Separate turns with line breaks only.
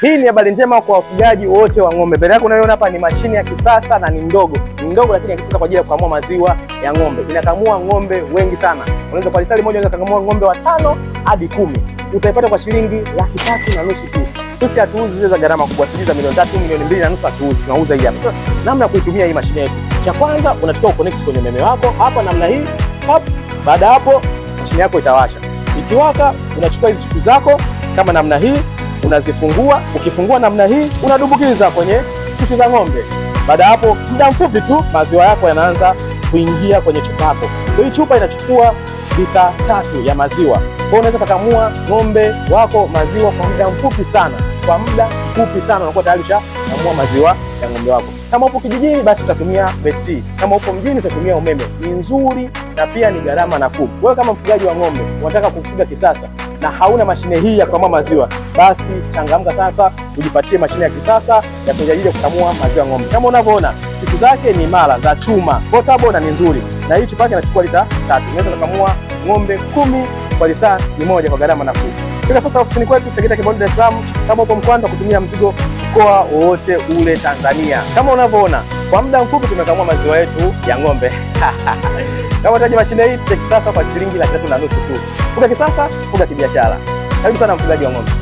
Hii ni habari njema kwa wafugaji wote wa ng'ombe. Mbele yako unayoona hapa ni mashine ya kisasa na ni ndogo, ni ndogo lakini ya kisasa kwa ajili ya kukamua maziwa ya ng'ombe. Inakamua ng'ombe wengi sana, unaweza kwa lisali moja unaweza kukamua ng'ombe wa tano hadi kumi. Utaipata kwa shilingi laki tatu na nusu tu. Sisi hatuuzi zile za gharama kubwa, sisi za milioni tatu, milioni mbili na nusu, hatuuzi. Tunauza hii hapa. Sasa namna ya kuitumia hii mashine yetu, cha kwanza unachukua uconnect kwenye umeme wako hapa namna hii Hop. Baada hapo mashine yako itawasha. Ikiwaka unachukua hizi chuchu zako kama namna hii unazifungua. Ukifungua namna hii, unadumbukiza kwenye chuchu za ng'ombe. Baada ya hapo, muda mfupi tu maziwa yako yanaanza kuingia kwenye chupa yako. Hii chupa inachukua lita tatu ya maziwa, kwa hiyo unaweza kukamua ng'ombe wako maziwa kwa muda mfupi sana kwa muda mfupi sana unakuwa tayari ushakamua maziwa ya ng'ombe wako. Kama upo kijijini, basi utatumia betri, kama upo mjini utatumia umeme. Ni nzuri na pia ni gharama nafuu. Wewe kama mfugaji wa ng'ombe unataka kufuga kisasa na hauna mashine hii ya kukamua maziwa, basi changamka sasa ujipatie mashine ya kisasa ya kujadili ya kukamua maziwa ng'ombe. Kama unavyoona siku zake ni imara za chuma, portable na ni nzuri, na hii chupa yake inachukua lita tatu, unaweza kukamua ng'ombe kumi kwa lisaa ni moja kwa gharama nafuu. Fika sasa ofisini kwetu Tegeta Kiboni, Dar es Salaam. Kama uko Mkwanda, kutumia mzigo mkoa wowote ule Tanzania. Kama unavyoona, kwa muda mfupi tumekamua maziwa yetu ya ng'ombe kama taji mashine hii ya kisasa kwa shilingi laki tatu na nusu tu. Fuga kisasa, fuga kibiashara. Karibu sana mfugaji wa ng'ombe.